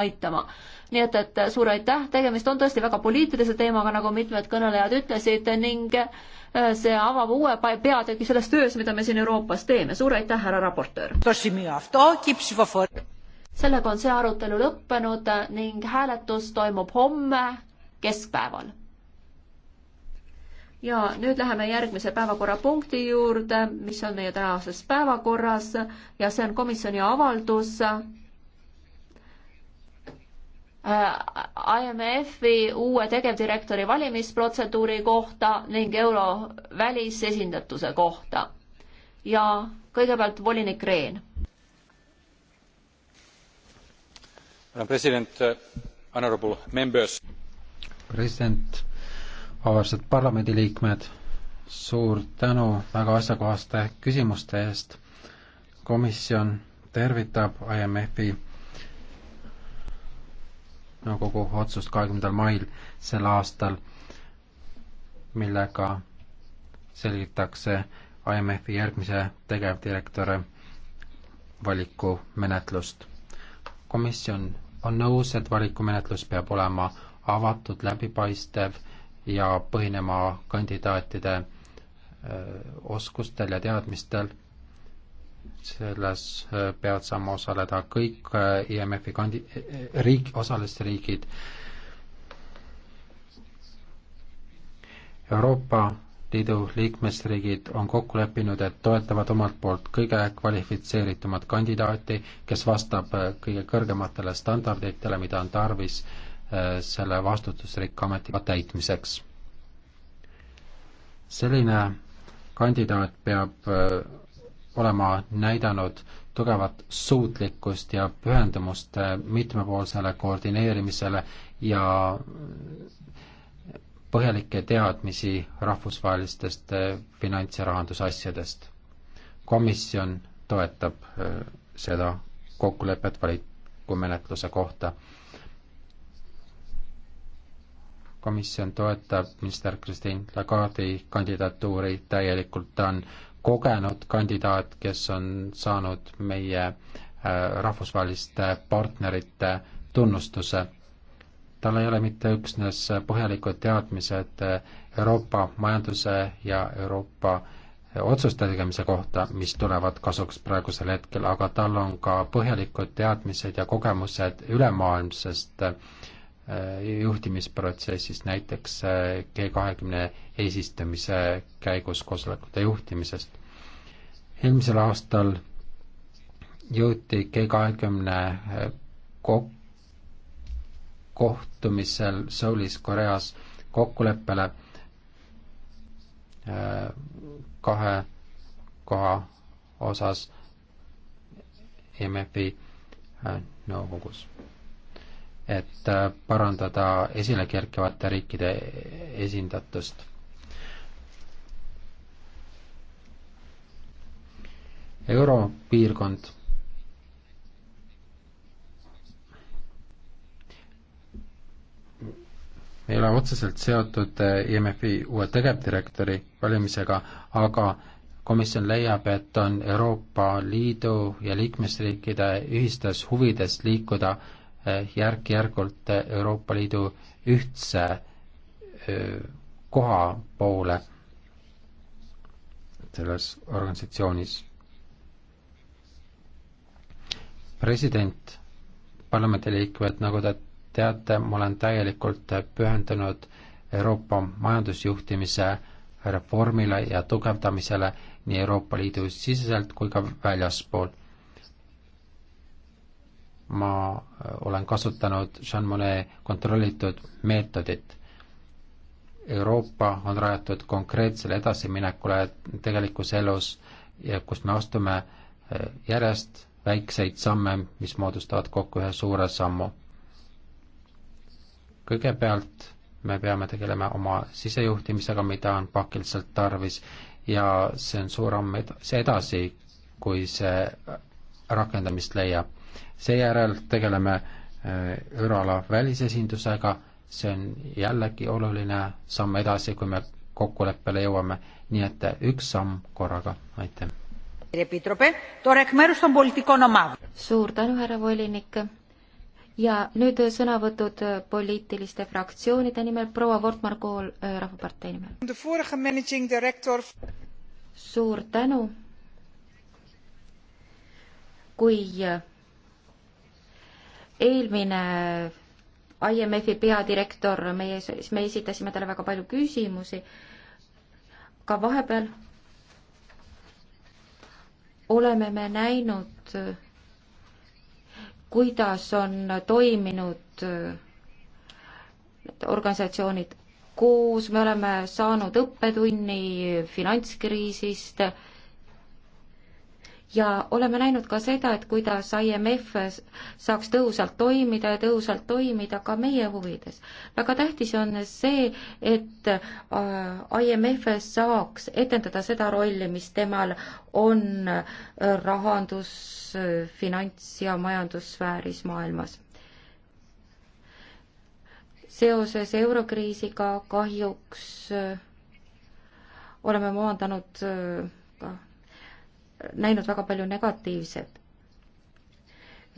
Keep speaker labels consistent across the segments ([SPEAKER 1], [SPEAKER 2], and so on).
[SPEAKER 1] aitama. nii et, et suur aitäh, tegemist on tõesti väga poliitilise teemaga, nagu mitmed kõnelejad ütlesid ning äh, see avab uue peatüki selles töös, mida me siin Euroopas teeme. suur aitäh, härra raportöör! sellega on see arutelu lõppenud ning hääletus toimub homme keskpäeval. ja nüüd läheme järgmise päevakorrapunkti juurde, mis on meie tänases päevakorras ja see on komisjoni avaldus Äh, IMF-i uue tegevdirektori valimisprotseduuri kohta ning euro välisesindatuse kohta. ja kõigepealt volinik Rehn.
[SPEAKER 2] president, uh, honorable members. president, auväärsed parlamendiliikmed, suur tänu väga asjakohaste küsimuste eest. komisjon tervitab IMF-i nõukogu otsust kahekümnendal mail sel aastal, millega selgitakse IMF-i järgmise tegevdirektori valikumenetlust. komisjon on nõus, et valikumenetlus peab olema avatud, läbipaistev ja põhinema kandidaatide oskustel ja teadmistel selles äh, peavad saama osaleda kõik äh, IMF-i kandi-, äh, riik, osalisriigid. Euroopa Liidu liikmesriigid on kokku leppinud, et toetavad omalt poolt kõige kvalifitseeritumat kandidaati, kes vastab kõige kõrgematele standarditele, mida on tarvis selle vastutusrikka ametiga täitmiseks. selline kandidaat peab olema näidanud tugevat suutlikkust ja pühendumust mitmepoolsele koordineerimisele ja põhjalikke teadmisi rahvusvahelistest finants- ja rahandusasjadest. komisjon toetab äh, seda kokkulepet valikumenetluse kohta. komisjon toetab minister Christine Lagarde'i kandidatuuri täielikult, ta on kogenud kandidaat, kes on saanud meie äh, rahvusvaheliste partnerite tunnustuse. tal ei ole mitte üksnes põhjalikud teadmised äh, Euroopa majanduse ja Euroopa äh, otsuste tegemise kohta, mis tulevad kasuks praegusel hetkel, aga tal on ka põhjalikud teadmised ja kogemused ülemaailmsest äh, Äh, juhtimisprotsessist, näiteks äh, G kahekümne eesistumise käigus koosolekute juhtimisest. eelmisel aastal jõuti G kahekümne äh, kohtumisel Soulis Koreas kokkuleppele kahe koha osas MFi nõukogus no, et äh, parandada esile kerkivate riikide esindatust. europiirkond ei ole otseselt seotud äh, IMF-i uue tegevdirektori valimisega, aga komisjon leiab, et on Euroopa Liidu ja liikmesriikide ühistes huvides liikuda äh, Äh, järk-järgult Euroopa Liidu ühtse koha poole selles organisatsioonis. president, parlamendiliikmed, nagu te teate, ma olen täielikult pühendunud Euroopa majandusjuhtimise reformile ja tugevdamisele nii Euroopa Liidu siseselt kui ka väljaspool ma äh, olen kasutanud Jean Monnet kontrollitud meetodit. Euroopa on rajatud konkreetsele edasiminekule tegelikus elus ja kus me astume äh, järjest väikseid samme, mis moodustavad kokku ühe suure sammu. kõigepealt me peame tegelema oma sisejuhtimisega, mida on pakiliselt tarvis ja see on suur amm edasi, kui see rakendamist leiab seejärel tegeleme äh, euroala välisesindusega, see on jällegi oluline samm edasi, kui me kokkuleppele jõuame, nii et üks samm korraga, aitäh.
[SPEAKER 3] suur tänu, härra volinik. ja nüüd sõnavõtud poliitiliste fraktsioonide nimel, proua Wortmar Kool äh, Rahvapartei
[SPEAKER 1] nimel.
[SPEAKER 3] suur tänu. kui äh, eelmine IMF-i peadirektor, meie, siis me esitasime talle väga palju küsimusi, ka vahepeal oleme me näinud, kuidas on toiminud need organisatsioonid koos, me oleme saanud õppetunni finantskriisist, ja oleme näinud ka seda, et kuidas IMF saaks tõhusalt toimida ja tõhusalt toimida ka meie huvides. väga tähtis on see, et äh, IMF saaks etendada seda rolli, mis temal on äh, rahandus, äh, finants ja majandussfääris maailmas. seoses eurokriisiga kahjuks oleme maandanud ka näinud väga palju negatiivset.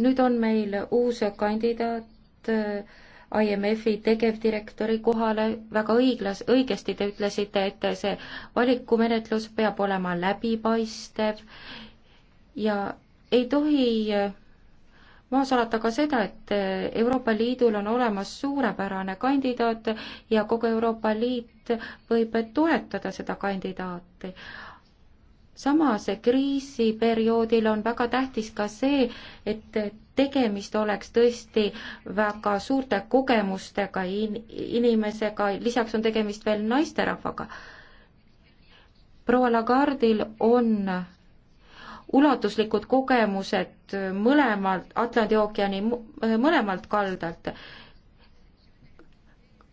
[SPEAKER 3] nüüd on meil uus kandidaat äh, IMF-i tegevdirektori kohale, väga õiglas, õigesti te ütlesite, et see valikumenetlus peab olema läbipaistev ja ei tohi äh, maha salata ka seda, et äh, Euroopa Liidul on olemas suurepärane kandidaat ja kogu Euroopa Liit võib toetada seda kandidaati samas kriisiperioodil on väga tähtis ka see, et tegemist oleks tõesti väga suurte kogemustega in-, inimesega, lisaks on tegemist veel naisterahvaga. proua Lagardil on ulatuslikud kogemused mõlemalt, Atlandi ookeani mõlemalt kaldalt.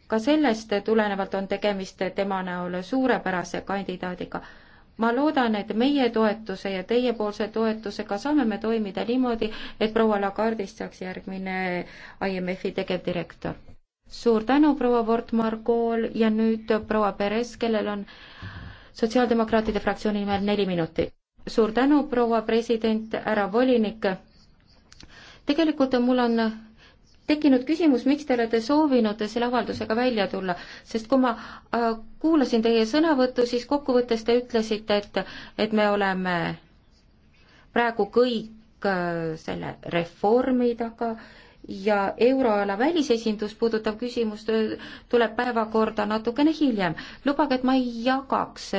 [SPEAKER 3] ka sellest tulenevalt on tegemist tema näol suurepärase kandidaadiga ma loodan, et meie toetuse ja teiepoolse toetusega saame me toimida niimoodi, et proua Lagardist saaks järgmine IMF-i tegevdirektor. suur tänu, proua Wortmar Kool ja nüüd proua Peres, kellel on sotsiaaldemokraatide fraktsiooni nimel neli minutit. suur tänu, proua president, härra volinik. tegelikult mul on tekkinud küsimus, miks te olete soovinud selle avaldusega välja tulla, sest kui ma äh, kuulasin teie sõnavõttu, siis kokkuvõttes te ütlesite, et, et me oleme praegu kõik äh, selle reformi taga ja euroala välisesindus puudutav küsimus äh, tuleb päevakorda natukene hiljem. lubage, et ma ei jagaks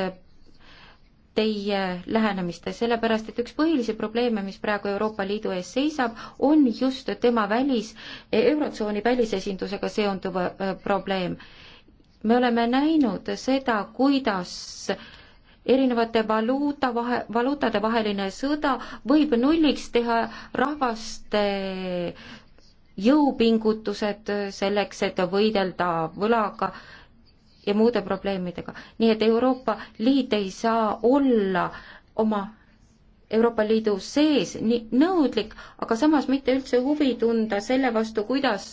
[SPEAKER 3] teie lähenemiste, sellepärast et üks põhilisi probleeme, mis praegu Euroopa Liidu ees seisab, on just tema välis, Eurotsooni välisesindusega seonduv äh, probleem. me oleme näinud seda, kuidas erinevate valuuta vahe, valuutade vaheline sõda võib nulliks teha rahvaste jõupingutused selleks, et võidelda võlaga ja muude probleemidega. nii et Euroopa Liit ei saa olla oma Euroopa Liidu sees nii nõudlik, aga samas mitte üldse huvi tunda selle vastu, kuidas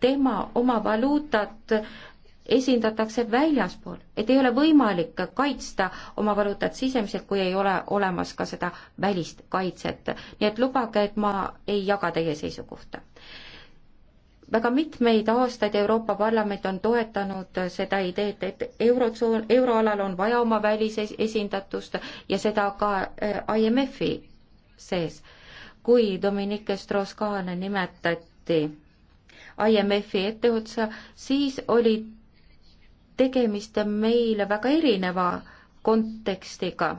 [SPEAKER 3] tema oma valuutat esindatakse väljaspool, et ei ole võimalik kaitsta oma valuutat sisemiselt, kui ei ole olemas ka seda välist kaitset. nii et lubage, et ma ei jaga teie seisukohta väga mitmeid aastaid Euroopa Parlament on toetanud seda ideed, et eurotsoon, euroalal on vaja oma välisesindatust ja seda ka äh, IMF-i sees. kui Dominique Strauss-Kahn nimetati IMF-i etteotsa, siis oli tegemist meile väga erineva kontekstiga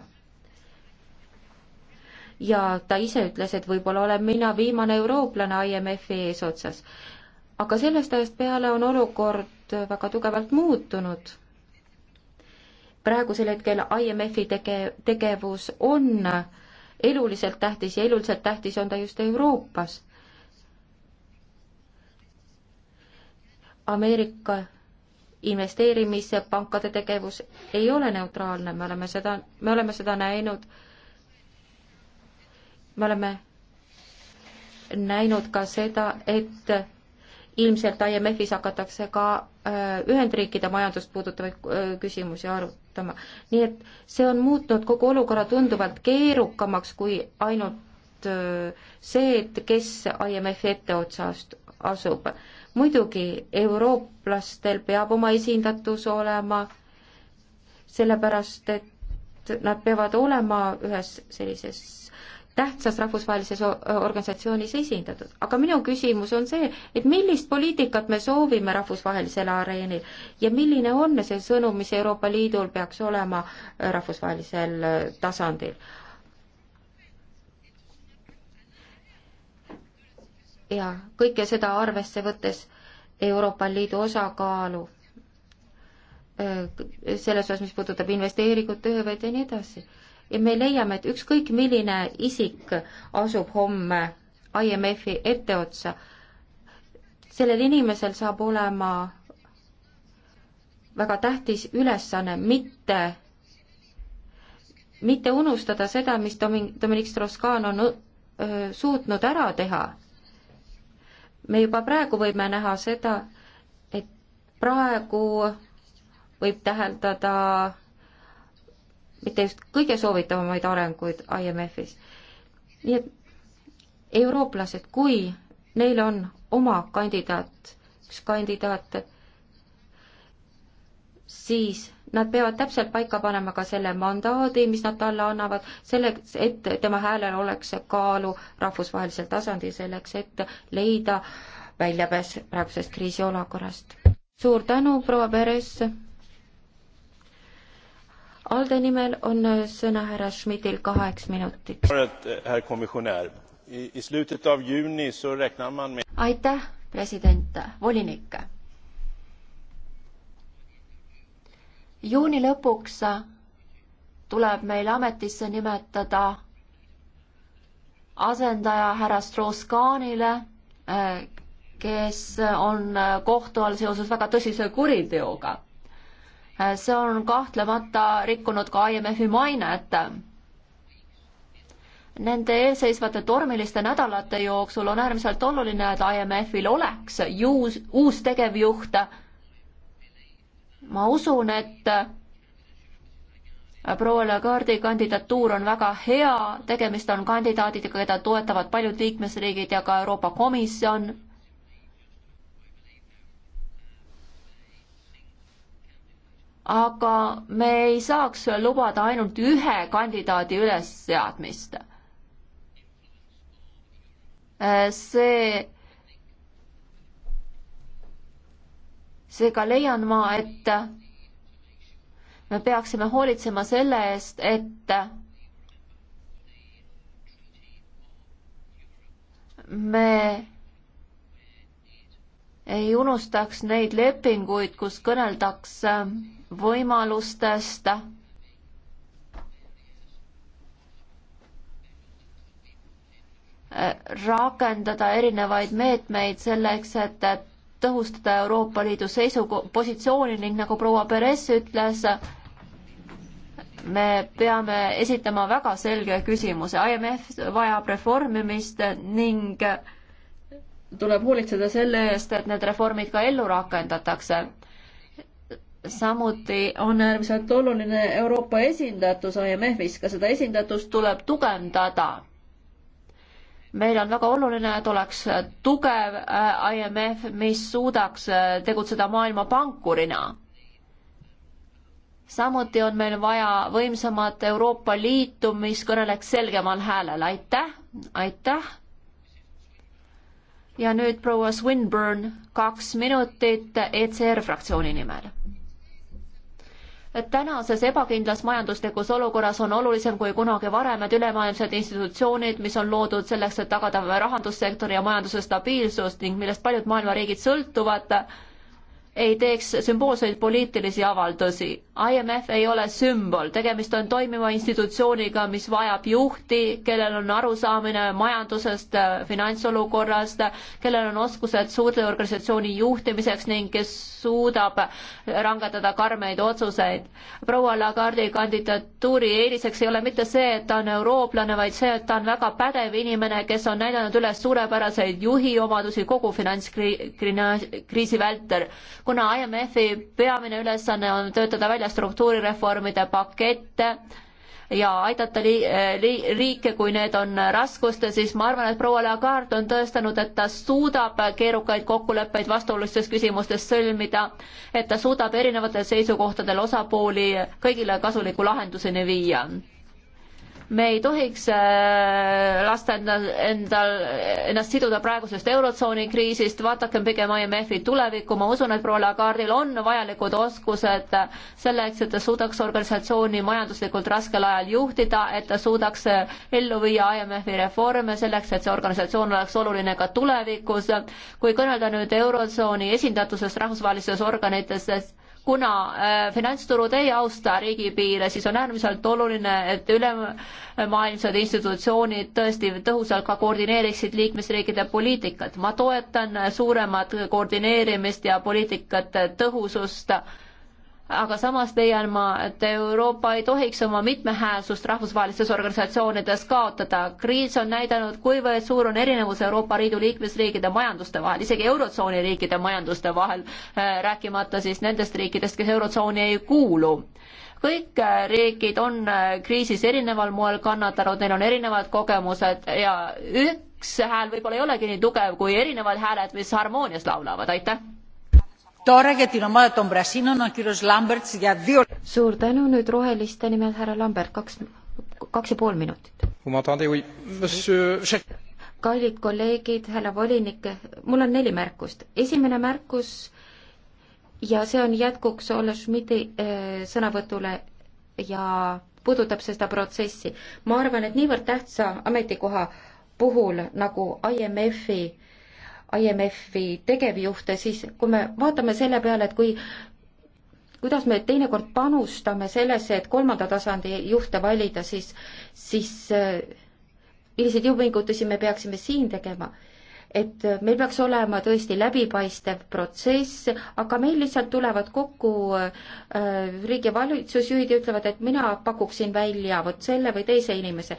[SPEAKER 3] ja ta ise ütles, et võib-olla olen mina viimane eurooplane IMF-i eesotsas aga sellest ajast peale on olukord väga tugevalt muutunud. praegusel hetkel IMF-i tege-, tegevus on eluliselt tähtis ja eluliselt tähtis on ta just Euroopas. Ameerika investeerimispankade tegevus ei ole neutraalne, me oleme seda, me oleme seda näinud, me oleme näinud ka seda, et ilmselt IMF-is hakatakse ka äh, Ühendriikide majandust puudutavaid äh, küsimusi arutama. nii et see on muutnud kogu olukorra tunduvalt keerukamaks kui ainult äh, see, et kes IMF-i etteotsast asub. muidugi eurooplastel peab oma esindatus olema, sellepärast et nad peavad olema ühes sellises tähtsas rahvusvahelises organisatsioonis esindatud. aga minu küsimus on see, et millist poliitikat me soovime rahvusvahelisel areenil ja milline on see sõnum, mis Euroopa Liidul peaks olema äh, rahvusvahelisel äh, tasandil? ja kõike seda arvesse võttes Euroopa Liidu osakaalu äh, selles osas, mis puudutab investeeringut, tööhõivet ja nii edasi ja me leiame, et ükskõik milline isik asub homme IMF-i etteotsa, sellel inimesel saab olema väga tähtis ülesanne mitte, mitte unustada seda, mis Domin-, Dominic Strauss-Kahn on öö, suutnud ära teha. me juba praegu võime näha seda, et praegu võib täheldada mitte just kõige soovitavamaid arenguid IMF-is. nii et eurooplased, kui neil on oma kandidaat, üks kandidaat, siis nad peavad täpselt paika panema ka selle mandaadi, mis nad talle annavad, selleks, et tema häälel oleks kaalu rahvusvahelisel tasandil, selleks et leida väljapääs praegusest kriisiolukorrast. suur tänu, proua Peres! Alde nimel on äh, sõna härra Schmidtil kaheks minutiks. Eh, aitäh, president,
[SPEAKER 1] volinik. juuni lõpuks tuleb meil ametisse nimetada asendaja härra Strauss-Kahnile, eh, kes on eh, kohtu all seoses väga tõsise kuriteoga see on kahtlemata rikkunud ka IMF-i mainet. Nende eelseisvate tormiliste nädalate jooksul on äärmiselt oluline, et IMF-il oleks juus, uus tegevjuht. ma usun, et proua Lagarde'i kandidatuur on väga hea, tegemist on kandidaadidega, keda toetavad paljud liikmesriigid ja ka Euroopa Komisjon aga me ei saaks lubada ainult ühe kandidaadi ülesseadmist. see, seega leian ma, et me peaksime hoolitsema selle eest, et me ei unustaks neid lepinguid, kus kõneldakse võimalustest rakendada erinevaid meetmeid selleks, et tõhustada Euroopa Liidu seisuko-, positsiooni ning nagu proua Perez ütles, me peame esitama väga selge küsimuse, IMF vajab reformimist ning tuleb hoolitseda selle eest, et need reformid ka ellu rakendatakse samuti on äärmiselt oluline Euroopa esindatus IMF-is, ka seda esindatust tuleb tugevdada meil on väga oluline, et oleks tugev äh, IMF, mis suudaks äh, tegutseda maailma pankurina. samuti on meil vaja võimsamat Euroopa Liitu, mis kõneleks selgemal häälel, aitäh, aitäh. ja nüüd proua Swinburne, kaks minutit ECR fraktsiooni nimel tänases ebakindlas majanduslikus olukorras on olulisem kui kunagi varem, et ülemaailmsed institutsioonid, mis on loodud selleks, et tagada rahandussektori ja majanduse stabiilsust ning millest paljud maailma riigid sõltuvad, ei teeks sümboolseid poliitilisi avaldusi. IMF ei ole sümbol, tegemist on toimiva institutsiooniga, mis vajab juhti, kellel on arusaamine majandusest, finantsolukorrast, kellel on oskused suure organisatsiooni juhtimiseks ning kes suudab rangetada karmeid otsuseid. proua Lagardi kandidatuuri eeliseks ei ole mitte see, et ta on eurooplane, vaid see, et ta on väga pädev inimene, kes on näidanud üles suurepäraseid juhi omadusi kogu finantskriisi vältel kuna IMF-i peamine ülesanne on töötada välja struktuurireformide pakette ja aidata li, eh, li, riike, kui need on raskustes, siis ma arvan, et proua Lagarde on tõestanud, et ta suudab keerukaid kokkuleppeid vastuolulistes küsimustes sõlmida, et ta suudab erinevatel seisukohtadel osapooli kõigile kasuliku lahenduseni viia me ei tohiks äh, lasta endal, endal, ennast siduda praegusest Eurotsooni kriisist, vaadakem pigem IMF-i tulevikku, ma usun, et proua Lagardil on vajalikud oskused selleks, et ta suudaks organisatsiooni majanduslikult raskel ajal juhtida, et ta suudaks ellu viia IMF-i reforme selleks, et see organisatsioon oleks oluline ka tulevikus. kui kõnelda nüüd Eurotsooni esindatusest rahvusvahelistes organites, kuna äh, finantsturud ei austa riigipiire, siis on äärmiselt oluline, et ülemaailmsed institutsioonid tõesti tõhusalt ka koordineeriksid liikmesriikide poliitikat. ma toetan suuremat koordineerimist ja poliitikate tõhusust aga samas leian ma, et Euroopa ei tohiks oma mitmehäälsust rahvusvahelistes organisatsioonides kaotada. kriis on näidanud, kuivõrd suur on erinevus Euroopa Liidu liikmesriikide majanduste vahel, isegi Eurotsooni riikide majanduste vahel, äh, rääkimata siis nendest riikidest, kes Eurotsooni ei kuulu kõik äh, riigid on äh, kriisis erineval moel kannatanud, neil on erinevad kogemused ja üks hääl võib-olla ei olegi nii tugev kui erinevad hääled, mis harmoonias laulavad,
[SPEAKER 3] aitäh! suur tänu, nüüd roheliste nimel härra Lambert, kaks, kaks ja pool minutit. kallid kolleegid, härra volinik, mul on neli märkust. esimene märkus ja see on jätkuks Olle Schmidti äh, sõnavõtule ja puudutab seda protsessi. ma arvan, et niivõrd tähtsa ametikoha puhul nagu IMF-i IMF-i tegevjuhte, siis kui me vaatame selle peale, et kui kuidas me teinekord panustame sellesse, et kolmanda tasandi juhte valida, siis, siis eh, milliseid jõupingutusi me peaksime siin tegema et meil peaks olema tõesti läbipaistev protsess, aga meil lihtsalt tulevad kokku äh, riigi valitsusjuhid ja ütlevad, et mina pakuksin välja vot selle või teise inimese.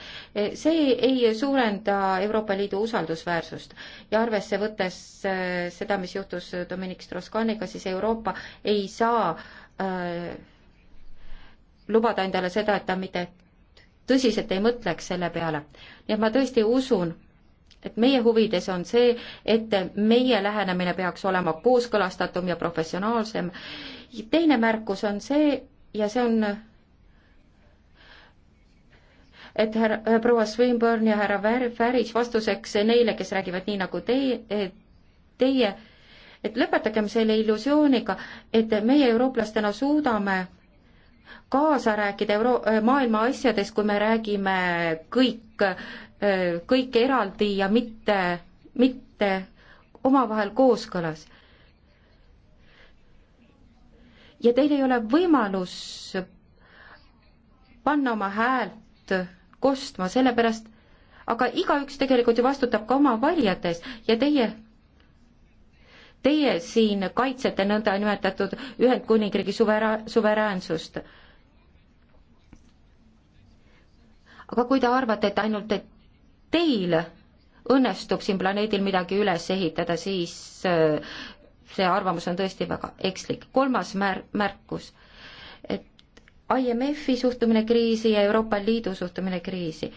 [SPEAKER 3] see ei suurenda Euroopa Liidu usaldusväärsust ja arvesse võttes äh, seda, mis juhtus Dominic Strauss-Kahniga, siis Euroopa ei saa äh, lubada endale seda, et ta mitte tõsiselt ei mõtleks selle peale. nii et ma tõesti usun, et meie huvides on see, et meie lähenemine peaks olema kooskõlastatum ja professionaalsem. teine märkus on see ja see on et härra, äh, proua Swinburne ja härra Färis vastuseks neile, kes räägivad nii nagu teie, teie, et lõpetagem selle illusiooniga, et meie eurooplastena suudame kaasa rääkida euro-, äh, maailma asjades, kui me räägime kõik, äh, kõik eraldi ja mitte, mitte omavahel kooskõlas. ja teil ei ole võimalus panna oma häält kostma, sellepärast aga igaüks tegelikult ju vastutab ka oma valijate ees ja teie Teie siin kaitsete nõndanimetatud Ühendkuningriigi suvera-, suveräänsust. aga kui te arvate, et ainult et teil õnnestub siin planeedil midagi üles ehitada, siis äh, see arvamus on tõesti väga ekslik. kolmas mär-, märkus, et IMF-i suhtumine kriisi ja Euroopa Liidu suhtumine kriisi.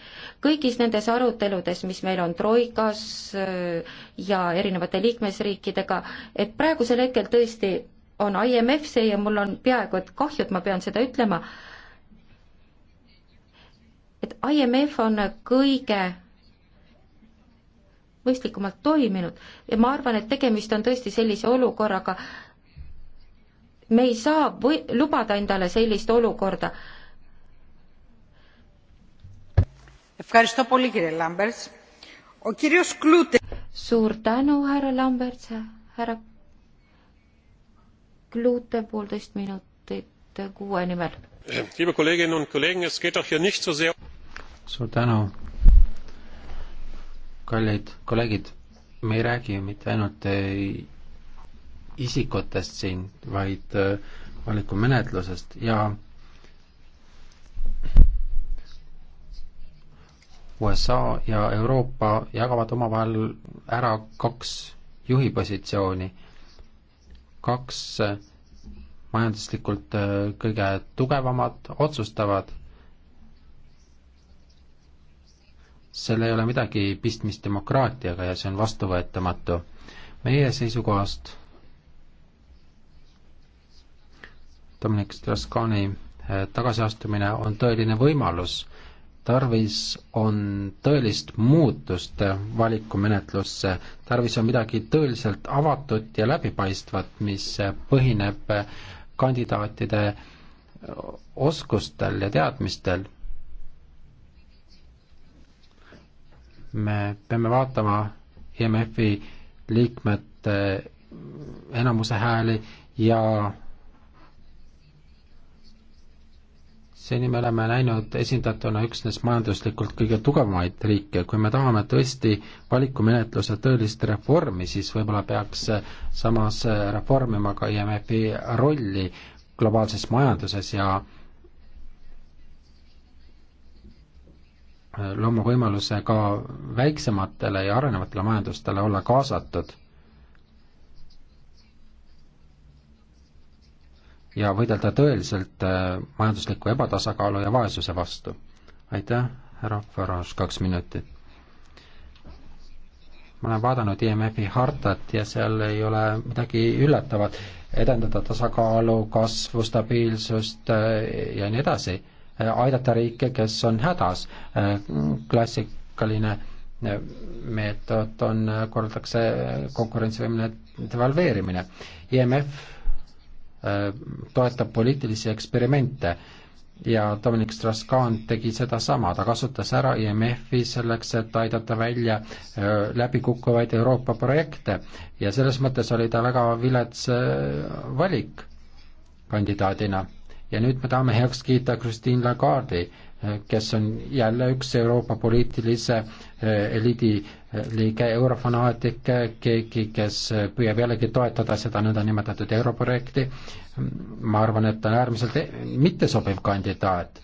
[SPEAKER 3] kõigis nendes aruteludes, mis meil on Troikas äh, ja erinevate liikmesriikidega, et praegusel hetkel tõesti on IMF see ja mul on peaaegu et kahju, et ma pean seda ütlema, et IMF on kõige mõistlikumalt toiminud ja ma arvan, et tegemist on tõesti sellise olukorraga, me ei saa või lubada endale sellist olukorda. suur tänu, härra Lambert, härra Klute poolteist minutit kuue nimel.
[SPEAKER 2] suur tänu, kallid kolleegid, me ei räägi ju mitte ainult ei isikutest siin, vaid äh, valikumenetlusest ja USA ja Euroopa jagavad omavahel ära kaks juhipositsiooni, kaks äh, majanduslikult äh, kõige tugevamat otsustavad. sel ei ole midagi pistmist demokraatiaga ja see on vastuvõetamatu. meie seisukohast Dominic Strauss-Kahni eh, tagasiastumine on tõeline võimalus, tarvis on tõelist muutust valikumenetlusse, tarvis on midagi tõeliselt avatut ja läbipaistvat, mis põhineb kandidaatide oskustel ja teadmistel. me peame vaatama IMF-i liikmete enamuse hääli ja seni me oleme näinud esindatuna üksnes majanduslikult kõige tugevamaid riike, kui me tahame tõesti valikumenetluse tõelist reformi, siis võib-olla peaks samas reformima ka IMF-i rolli globaalses majanduses ja looma võimaluse ka väiksematele ja arenevatele majandustele olla kaasatud ja võidelda tõeliselt äh, majandusliku ebatasakaalu ja vaesuse vastu. aitäh, härra Farage, kaks minutit. ma olen vaadanud IMF-i hartat ja seal ei ole midagi üllatavat, edendada tasakaalu, kasvu, stabiilsust äh, ja nii edasi, äh, aidata riike, kes on hädas, klassikaline meetod on, korraldatakse konkurentsivõimeline devalveerimine. IMF Äh, toetab poliitilisi eksperimente ja Dominic Strauss-Kahn tegi sedasama, ta kasutas ära IMF-i selleks, et aidata välja äh, läbikukkuvaid Euroopa projekte ja selles mõttes oli ta väga vilets äh, valik kandidaadina ja nüüd me tahame heaks kiita Christine Lagarde'i, kes on jälle üks Euroopa poliitilise eh, eliidi eh, liige, eurofanaatik, keegi, kes eh, püüab jällegi toetada seda nõndanimetatud europrojekti. ma arvan, et ta on äärmiselt e-, mittesobiv kandidaat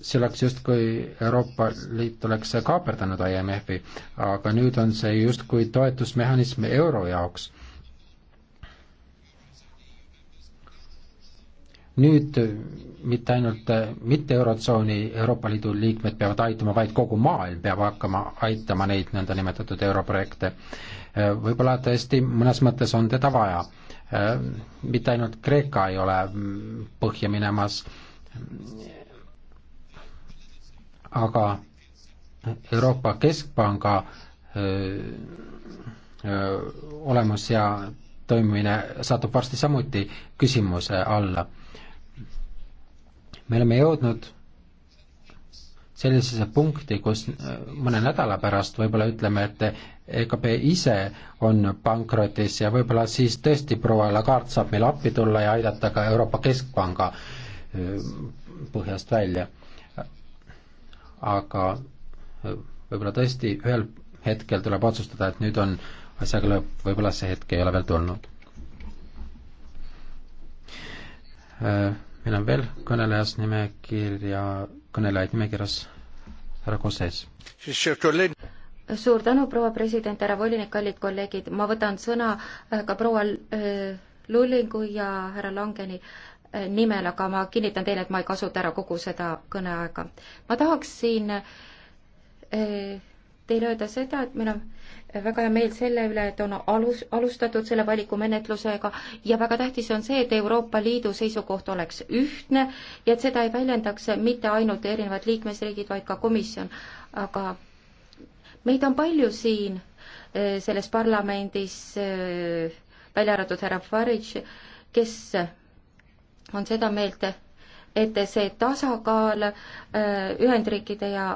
[SPEAKER 2] see oleks justkui Euroopa Liit oleks kaaperdanud IMF-i, aga nüüd on see justkui toetusmehhanism euro jaoks nüüd äh, mitte ainult äh, mitte Eurotsooni Euroopa Liidu liikmed peavad aitama, vaid kogu maailm peab hakkama aitama neid nõndanimetatud europrojekte. Äh, võib-olla tõesti mõnes mõttes on teda vaja. mitte ainult Kreeka ei ole mm, põhja minemas, aga Euroopa Keskpanga öö, öö, olemus ja toimimine satub varsti samuti küsimuse alla me oleme jõudnud sellisesse punkti, kus äh, mõne nädala pärast võib-olla ütleme, et EKP ise on pankrotis ja võib-olla siis tõesti proua Lagart saab meile appi tulla ja aidata ka Euroopa Keskpanga äh, põhjast välja. aga äh, võib-olla tõesti ühel hetkel tuleb otsustada, et nüüd on asjaga lõpp, võib-olla see hetk ei ole veel tulnud meil on veel kõnelejas nimekirja, kõnelejaid nimekirjas härra Koses.
[SPEAKER 3] suur tänu, proua president, härra volinik, kallid kolleegid, ma võtan sõna äh, ka proua äh, Lullingu ja härra Langeni äh, nimel, aga ma kinnitan teile, et ma ei kasuta ära kogu seda kõneaega. ma tahaksin eh, teile öelda seda, et meil on väga hea meel selle üle, et on alus, alustatud selle valikumenetlusega ja väga tähtis on see, et Euroopa Liidu seisukoht oleks ühtne ja et seda ei väljendaks mitte ainult erinevad liikmesriigid, vaid ka komisjon. aga meid on palju siin eh, selles parlamendis, eh, välja arvatud härra Farage, kes on seda meelt, et see tasakaal eh, Ühendriikide ja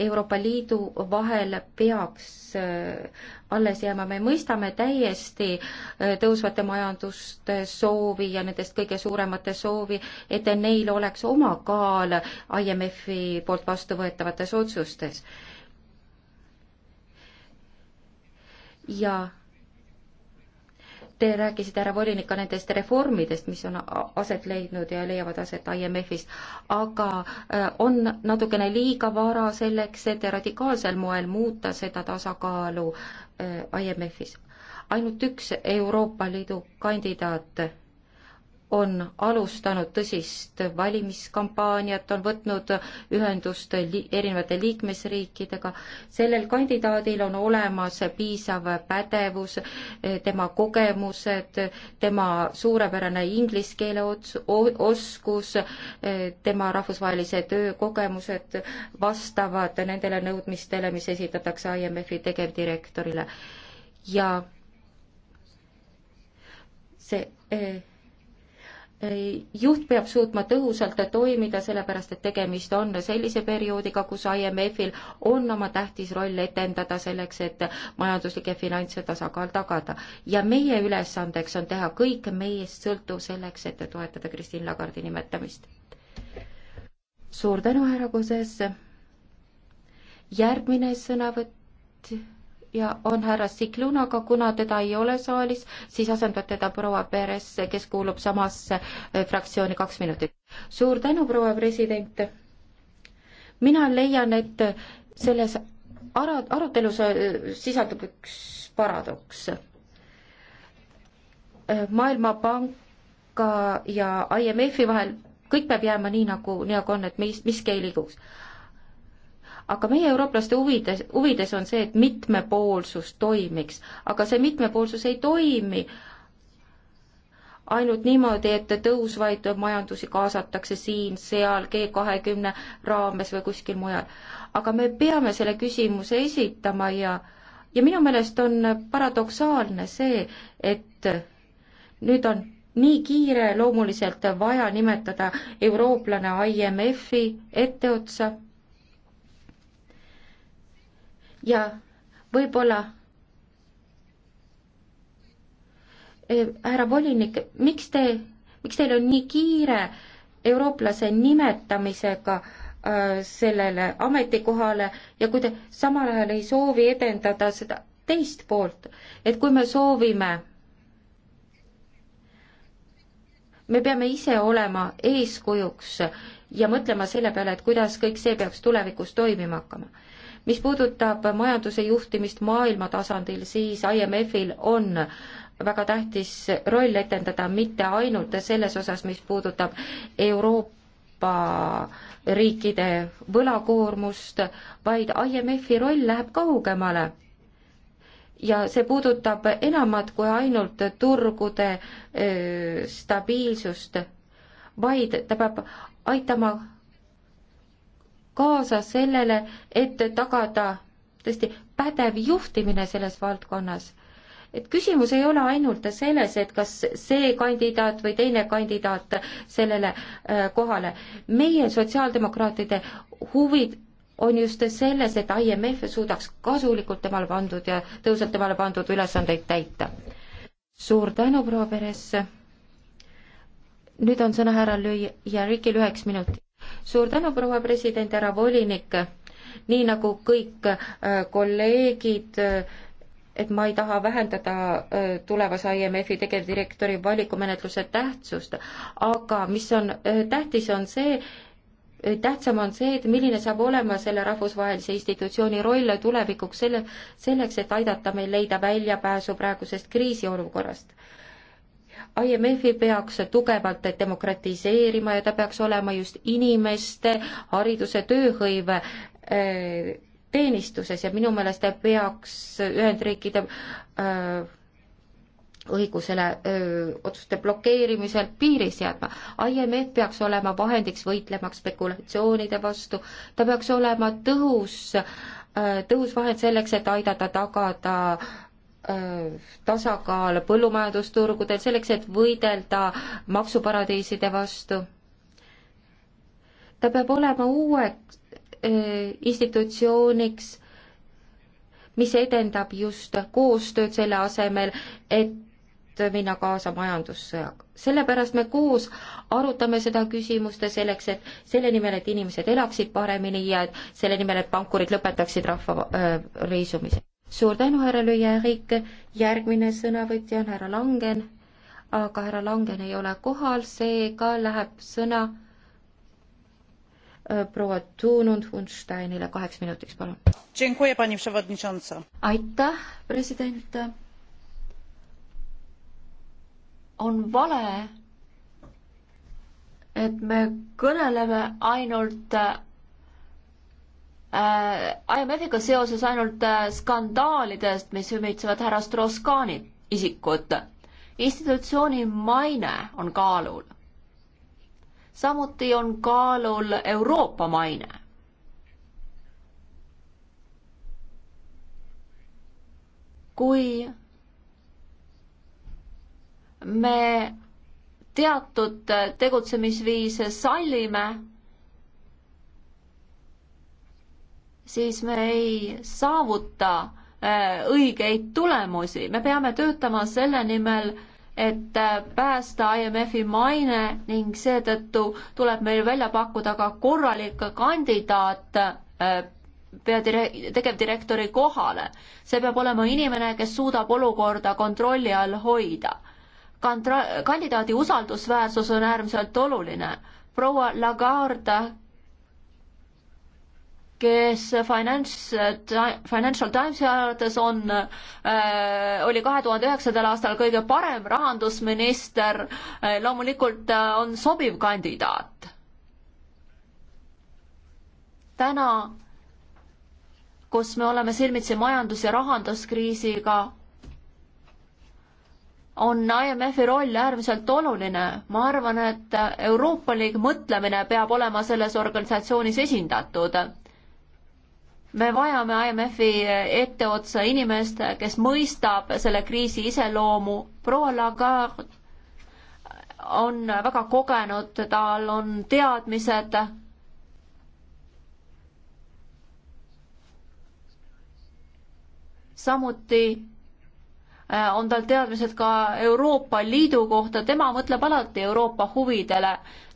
[SPEAKER 3] Euroopa Liidu vahel peaks äh, alles jääma, me mõistame täiesti äh, tõusvate majanduste soovi ja nendest kõige suuremate soovi, et neil oleks oma kaal IMF-i poolt vastuvõetavates otsustes. ja Te rääkisite, härra volinik, ka nendest reformidest, mis on aset leidnud ja leiavad aset IMF-is, aga äh, on natukene liiga vara selleks, et radikaalsel moel muuta seda tasakaalu äh, IMF-is. ainult üks Euroopa Liidu kandidaat on alustanud tõsist valimiskampaaniat, on võtnud ühendust li erinevate liikmesriikidega. sellel kandidaadil on olemas piisav pädevus, tema kogemused, tema suurepärane inglise keele ots-, oskus, tema rahvusvahelise töö kogemused vastavad nendele nõudmistele, mis esitatakse IMF-i tegevdirektorile. ja see eh, juht peab suutma tõhusalt toimida, sellepärast et tegemist on sellise perioodiga, kus IMF-il on oma tähtis roll etendada selleks, et majanduslik ja finants- ja tasakaal tagada. ja meie ülesandeks on teha kõik meist sõltuv selleks, et toetada Christine Lagardi nimetamist. suur tänu, härra Koses. järgmine sõnavõtt ja on härra Siklun, aga kuna teda ei ole saalis, siis asendab teda proua Peres, kes kuulub samasse eh, fraktsiooni kaks minutit. suur tänu, proua president. mina leian, et selles ara-, arutelus eh, sisaldub üks paradoks. Eh, maailmapanka ja IMF-i vahel kõik peab jääma nii, nagu, nii nagu on, et mis, miski ei liiguks aga meie eurooplaste huvides, huvides on see, et mitmepoolsus toimiks, aga see mitmepoolsus ei toimi ainult niimoodi, et tõusvaid majandusi kaasatakse siin-seal G kahekümne raames või kuskil mujal. aga me peame selle küsimuse esitama ja, ja minu meelest on paradoksaalne see, et nüüd on nii kiireloomuliselt vaja nimetada eurooplane IMF-i etteotsa ja võib-olla e, härra volinik, miks te, miks teil on nii kiire eurooplase nimetamisega äh, sellele ametikohale ja kui te samal ajal ei soovi edendada seda teist poolt, et kui me soovime, me peame ise olema eeskujuks ja mõtlema selle peale, et kuidas kõik see peaks tulevikus toimima hakkama mis puudutab majanduse juhtimist maailma tasandil, siis IMF-il on väga tähtis roll etendada mitte ainult selles osas, mis puudutab Euroopa riikide võlakoormust, vaid IMF-i roll läheb kaugemale. ja see puudutab enamat kui ainult turgude öö, stabiilsust, vaid ta peab aitama kaasa sellele, et tagada tõesti pädev juhtimine selles valdkonnas. et küsimus ei ole ainult selles, et kas see kandidaat või teine kandidaat sellele äh, kohale. meie sotsiaaldemokraatide huvid on just selles, et IMF suudaks kasulikult temale pandud ja tõhusalt temale pandud ülesandeid täita. suur tänu, proua Peres. nüüd on sõna härra Lüüa Järgil üheks minutiks suur tänu, proua president, härra volinik. nii nagu kõik äh, kolleegid, äh, et ma ei taha vähendada äh, tulevase IMF-i tegevdirektori valikumenetluse tähtsust, aga mis on tähtis, on see, tähtsam on see, et milline saab olema selle rahvusvahelise institutsiooni roll tulevikuks selle, selleks, et aidata meil leida väljapääsu praegusest kriisiolukorrast. IMF-i peaks tugevalt demokratiseerima ja ta peaks olema just inimeste hariduse tööhõive äh, teenistuses ja minu meelest peaks Ühendriikide äh, õigusele öö, äh, otsuste blokeerimisel piiri seadma. IMF peaks olema vahendiks võitlemaks spekulatsioonide vastu, ta peaks olema tõhus, tõhus vahend selleks, et aidata tagada öö, tasakaal põllumajandusturgudel selleks, et võidelda maksuparadiiside vastu. ta peab olema uueks institutsiooniks, mis edendab just koostööd selle asemel, et minna kaasa majandussõjaga. sellepärast me koos arutame seda küsimust ja selleks, et selle nimel, et inimesed elaksid paremini ja et selle nimel, et pankurid lõpetaksid rahva äh, reisumise suur tänu, härra Lüüa-Erik, järgmine sõnavõtja on härra Langen, aga härra Langen ei ole kohal, seega läheb sõna äh, proua Tunund Hunsteinile kaheks minutiks, palun. aitäh, president. on vale, et me
[SPEAKER 1] kõneleme ainult äh, Äh, IMF-iga seoses ainult äh, skandaalidest, mis ümitsevad härra Strauss-Kahni isikut. institutsiooni maine on kaalul. samuti on kaalul Euroopa maine. kui me teatud tegutsemisviise sallime siis me ei saavuta äh, õigeid tulemusi. me peame töötama selle nimel, et äh, päästa IMF-i maine ning seetõttu tuleb meil välja pakkuda ka korralik kandidaat äh, peadire-, tegevdirektori kohale. see peab olema inimene, kes suudab olukorda kontrolli all hoida. Kantra-, kandidaadi usaldusväärsus on äärmiselt oluline. proua Lagarde kes Finance, Financial Timesi arvates on äh,, oli kahe tuhande üheksandal aastal kõige parem rahandusminister äh,, loomulikult äh, on sobiv kandidaat. täna, kus me oleme silmitsi majandus- ja rahanduskriisiga, on IMF-i roll äärmiselt oluline. ma arvan, et Euroopa Liidu mõtlemine peab olema selles organisatsioonis esindatud me vajame IMF-i etteotsa inimest, kes mõistab selle kriisi iseloomu. proua Lagarde on väga kogenud, tal on teadmised. samuti Äh, on tal teadmised ka Euroopa Liidu kohta, tema mõtleb alati Euroopa huvidele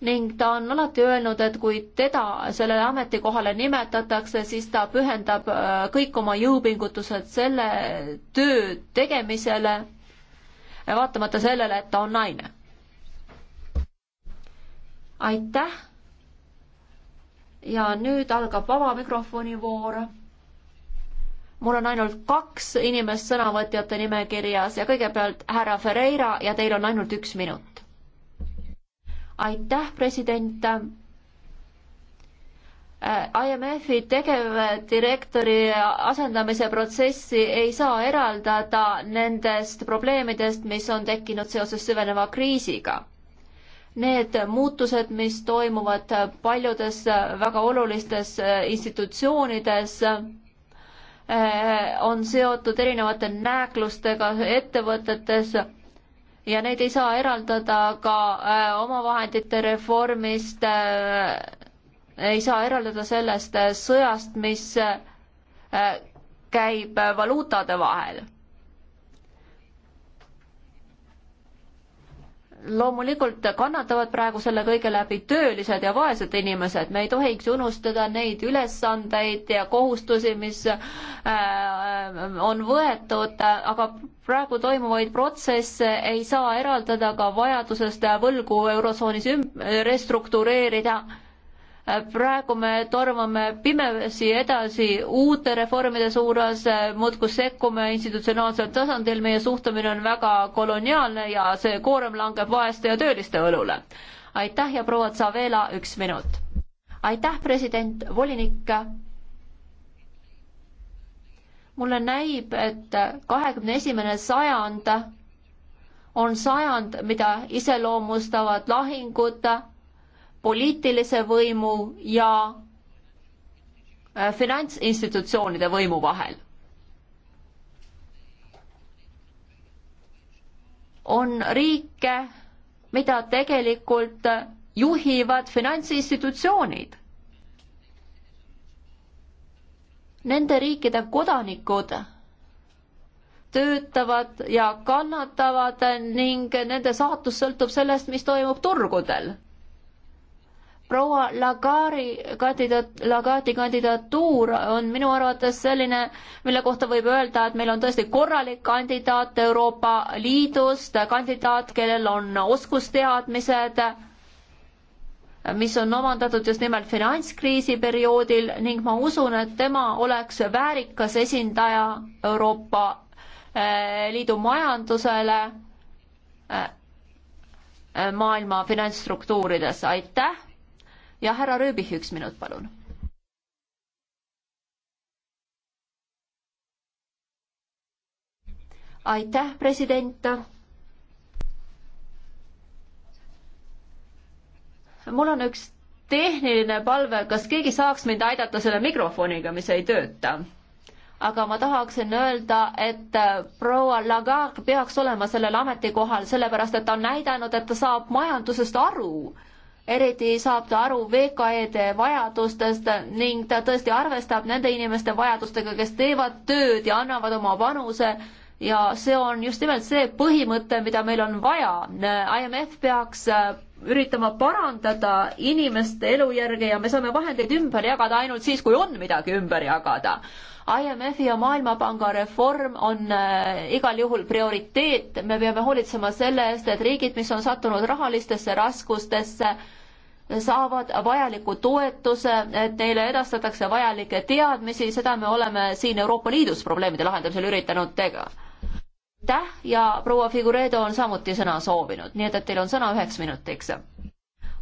[SPEAKER 1] ning ta on alati öelnud, et kui teda sellele ametikohale nimetatakse, siis ta pühendab äh, kõik oma jõupingutused selle töö tegemisele, äh, vaatamata sellele, et ta on naine. aitäh! ja nüüd algab vaba mikrofoni voor mul on ainult kaks inimest sõnavõtjate nimekirjas ja kõigepealt härra Ferreira ja teil on ainult üks minut. aitäh, president. Äh, IMF-i tegevdirektori asendamise protsessi ei saa eraldada nendest probleemidest, mis on tekkinud seoses süveneva kriisiga need muutused, mis toimuvad paljudes väga olulistes institutsioonides, Äh, on seotud erinevate nääklustega ettevõtetes ja neid ei saa eraldada ka äh, omavahendite reformist, äh, ei saa eraldada sellest sõjast, mis käib valuutade vahel loomulikult kannatavad praegu selle kõige läbi töölised ja vaesed inimesed, me ei tohiks unustada neid ülesandeid ja kohustusi, mis äh, on võetud, aga praegu toimuvaid protsesse ei saa eraldada ka vajadusest võlgu eurotsoonis restruktureerida praegu me tormame pimesi edasi uute reformide suunas, muudkui sekkume institutsionaalsel tasandil, meie suhtumine on väga koloniaalne ja see koorem langeb vaeste ja tööliste õlule. aitäh ja proua Tsavela, üks minut. aitäh, president, volinik. mulle näib, et kahekümne esimene sajand on sajand, mida iseloomustavad lahingud poliitilise võimu ja äh, finantsinstitutsioonide võimu vahel. on riike, mida tegelikult juhivad finantsinstitutsioonid. Nende riikide kodanikud töötavad ja kannatavad ning nende saatus sõltub sellest, mis toimub turgudel proua Lagari kandidaat, Lagati kandidatuur on minu arvates selline, mille kohta võib öelda, et meil on tõesti korralik kandidaat Euroopa Liidust, kandidaat, kellel on oskusteadmised, mis on omandatud just nimelt finantskriisi perioodil ning ma usun, et tema oleks väärikas esindaja Euroopa eh, Liidu majandusele eh, maailma finantsstruktuurides, aitäh! ja härra Rööbih, üks minut, palun. aitäh, president. mul on üks tehniline palve, kas keegi saaks mind aidata selle mikrofoniga, mis ei tööta? aga ma tahaksin öelda, et äh, proua Lagarde peaks olema sellel ametikohal, sellepärast et ta on näidanud, et ta saab majandusest aru eriti saab ta aru VKE-de vajadustest ning ta tõesti arvestab nende inimeste vajadustega, kes teevad tööd ja annavad oma panuse ja see on just nimelt see põhimõte, mida meil on vaja. IMF peaks äh, üritama parandada inimeste elujärge ja me saame vahendeid ümber jagada ainult siis, kui on midagi ümber jagada. IMF-i ja Maailmapanga reform on äh, igal juhul prioriteet, me peame hoolitsema selle eest, et riigid, mis on sattunud rahalistesse raskustesse, saavad vajaliku toetuse, et neile edastatakse vajalikke teadmisi, seda me oleme siin Euroopa Liidus probleemide lahendamisel üritanud teha aitäh ja proua Figuredo on samuti sõna soovinud, nii et, et teil on sõna üheks minutiks.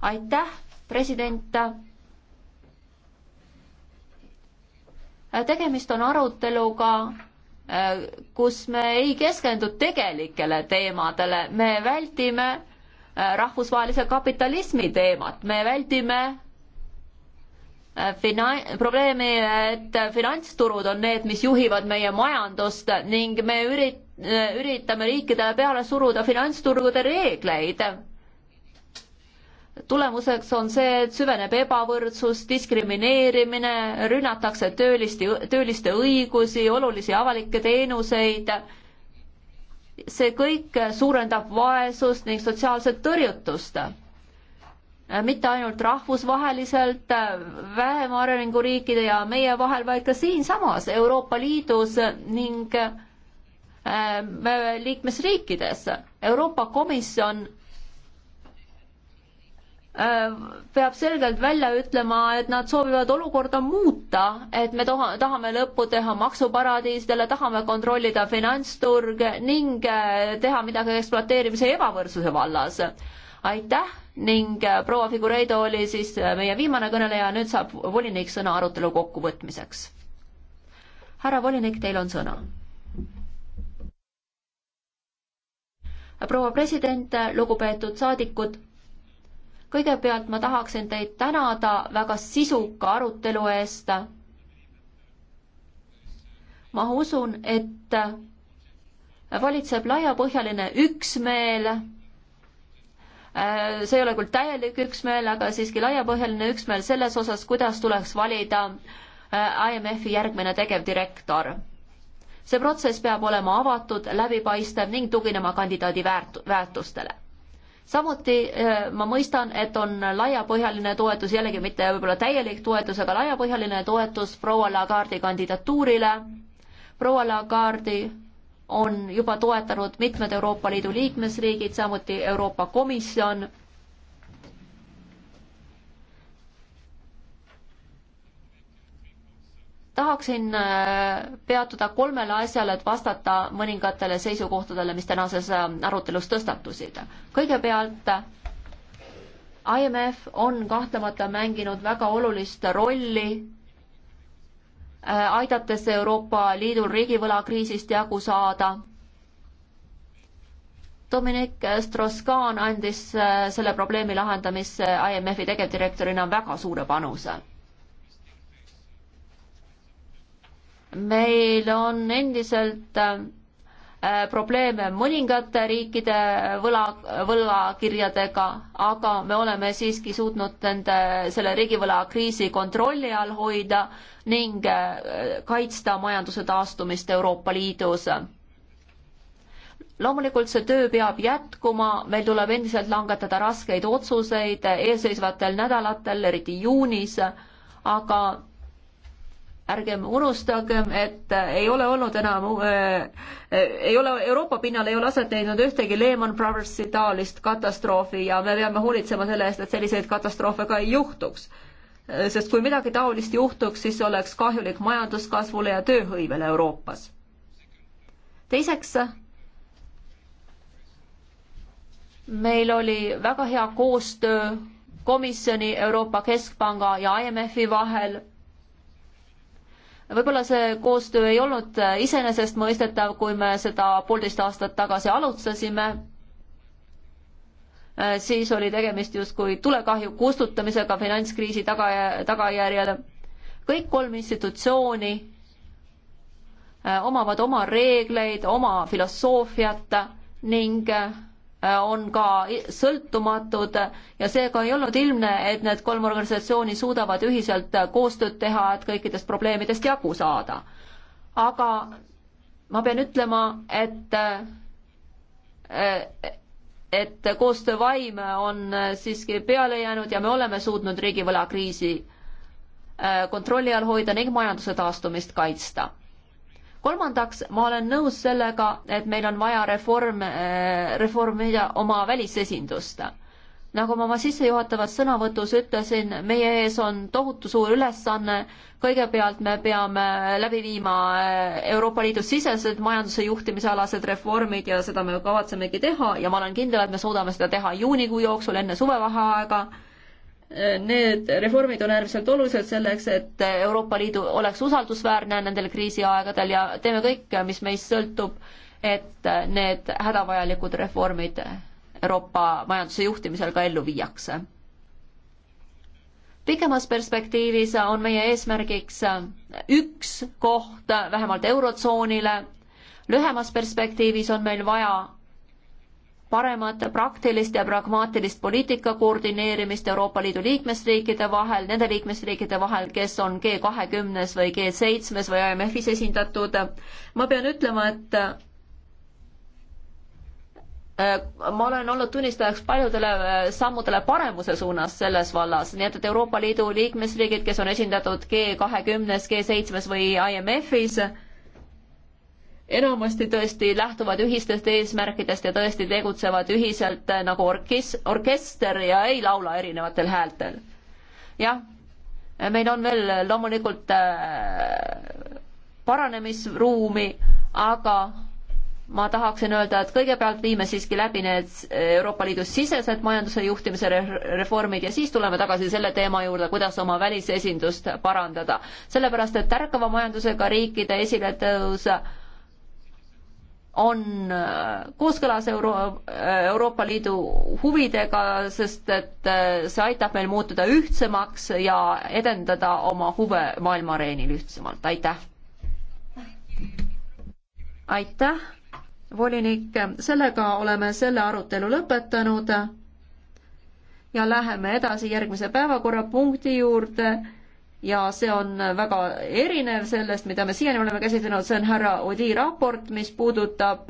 [SPEAKER 1] aitäh, president. tegemist on aruteluga, kus me ei keskendu tegelikele teemadele, me väldime äh, rahvusvahelise kapitalismi teemat, me väldime äh, fina-, probleemi, et finantsturud on need, mis juhivad meie majandust ning me ürit-, Äh, üritame riikidele peale suruda finantsturgude reegleid. tulemuseks on see, et süveneb ebavõrdsus, diskrimineerimine, rünnatakse töölisti, tööliste õigusi, olulisi avalikke teenuseid. see kõik suurendab vaesust ning sotsiaalset tõrjutust äh, mitte ainult rahvusvaheliselt äh, vähem arenguriikide ja meie vahel, vaid ka siinsamas Euroopa Liidus ning äh, Ähm, liikmesriikides. Euroopa Komisjon äh, peab selgelt välja ütlema, et nad soovivad olukorda muuta, et me toha, tahame lõppu teha maksuparadiisidele, tahame kontrollida finantsturge ning äh, teha midagi ekspluateerimise ebavõrdsuse vallas. aitäh ning äh, proua Figureido oli siis meie viimane kõneleja, nüüd saab volinik sõna arutelu kokkuvõtmiseks. härra volinik, teil on sõna proua president, lugupeetud saadikud, kõigepealt ma tahaksin teid tänada väga sisuka arutelu eest. ma usun, et valitseb laiapõhjaline üksmeel. see ei ole küll täielik üksmeel, aga siiski laiapõhjaline üksmeel selles osas, kuidas tuleks valida IMF-i järgmine tegevdirektor see protsess peab olema avatud, läbipaistev ning tuginema kandidaadi väärt-, väärtustele. samuti eh, ma mõistan, et on laiapõhjaline toetus, jällegi mitte võib-olla täielik toetus, aga laiapõhjaline toetus proua Lagardi kandidatuurile. proua Lagardi on juba toetanud mitmed Euroopa Liidu liikmesriigid, samuti Euroopa Komisjon tahaksin äh, peatuda kolmele asjale, et vastata mõningatele seisukohtadele, mis tänases äh, arutelus tõstatusid. kõigepealt IMF on kahtlemata mänginud väga olulist rolli, äh, aidates Euroopa Liidul riigivõlakriisist jagu saada. Dominic Strauss-Kahn andis selle probleemi lahendamisse IMF-i tegevdirektorina väga suure panuse meil on endiselt äh, probleeme mõningate riikide võla, võlakirjadega, aga me oleme siiski suutnud nende, selle riigivõlakriisi kontrolli all hoida ning äh, kaitsta majanduse taastumist Euroopa Liidus. loomulikult see töö peab jätkuma, meil tuleb endiselt langetada raskeid otsuseid eelseisvatel nädalatel, eriti juunis, aga ärgem unustagem, et äh, ei ole olnud enam äh, äh,, ei ole Euroopa pinnal ei ole aset leidnud ühtegi Lehman Brothersi taolist katastroofi ja me peame hoolitsema selle eest, et selliseid katastroofe ka ei juhtuks. Äh, sest kui midagi taolist juhtuks, siis oleks kahjulik majanduskasvule ja tööhõivele Euroopas. teiseks, meil oli väga hea koostöö komisjoni, Euroopa Keskpanga ja IMF-i vahel võib-olla see koostöö ei olnud iseenesestmõistetav, kui me seda poolteist aastat tagasi alustasime, äh, siis oli tegemist justkui tulekahju kustutamisega finantskriisi taga, tagajärjel. kõik kolm institutsiooni äh, omavad oma reegleid, oma filosoofiat ning äh, Äh, on ka sõltumatud ja seega ei olnud ilmne, et need kolm organisatsiooni suudavad ühiselt äh, koostööd teha, et kõikidest probleemidest jagu saada. aga ma pean ütlema, et äh, et koostöövaim on siiski peale jäänud ja me oleme suutnud riigivõlakriisi kontrolli all hoida ning majanduse taastumist kaitsta kolmandaks, ma olen nõus sellega, et meil on vaja reform, äh, reformida oma välisesindust. nagu ma oma sissejuhatavas sõnavõtus ütlesin, meie ees on tohutu suur ülesanne, kõigepealt me peame läbi viima äh, Euroopa Liidu sisesed majanduse juhtimise alased reformid ja seda me kavatsemegi teha ja ma olen kindel, et me suudame seda teha juunikuu jooksul enne suvevaheaega Need reformid on äärmiselt olulised selleks, et Euroopa Liidu oleks usaldusväärne nendel kriisiaegadel ja teeme kõik, mis meist sõltub, et need hädavajalikud reformid Euroopa majanduse juhtimisel ka ellu viiakse. pikemas perspektiivis on meie eesmärgiks üks koht vähemalt Eurotsoonile, lühemas perspektiivis on meil vaja paremat praktilist ja pragmaatilist poliitika koordineerimist Euroopa Liidu liikmesriikide vahel, nende liikmesriikide vahel, kes on G kahekümnes või G seitsmes või IMF-is esindatud. ma pean ütlema, et äh, ma olen olnud tunnistajaks paljudele äh, sammudele paremuse suunas selles vallas, nii et, et Euroopa Liidu liikmesriigid, kes on esindatud G kahekümnes, G seitsmes või IMF-is, enamasti tõesti lähtuvad ühistest eesmärkidest ja tõesti tegutsevad ühiselt eh, nagu orkes-, orkester ja ei laula erinevatel häältel. jah, meil on veel loomulikult eh, paranemisruumi, aga ma tahaksin öelda, et kõigepealt viime siiski läbi need Euroopa Liidu sisesed majanduse juhtimise reformid ja siis tuleme tagasi selle teema juurde, kuidas oma välisesindust parandada. sellepärast, et tärkava majandusega riikide esiletõus äh, on äh, kooskõlas Euro äh, Euroopa Liidu huvidega, sest et äh, see aitab meil muutuda ühtsemaks ja edendada oma huve maailma areenil ühtsemalt, aitäh! aitäh, volinik, sellega oleme selle arutelu lõpetanud ja läheme edasi järgmise päevakorrapunkti juurde ja see on väga erinev sellest, mida me siiani oleme käsitlenud, see on härra Odi raport, mis puudutab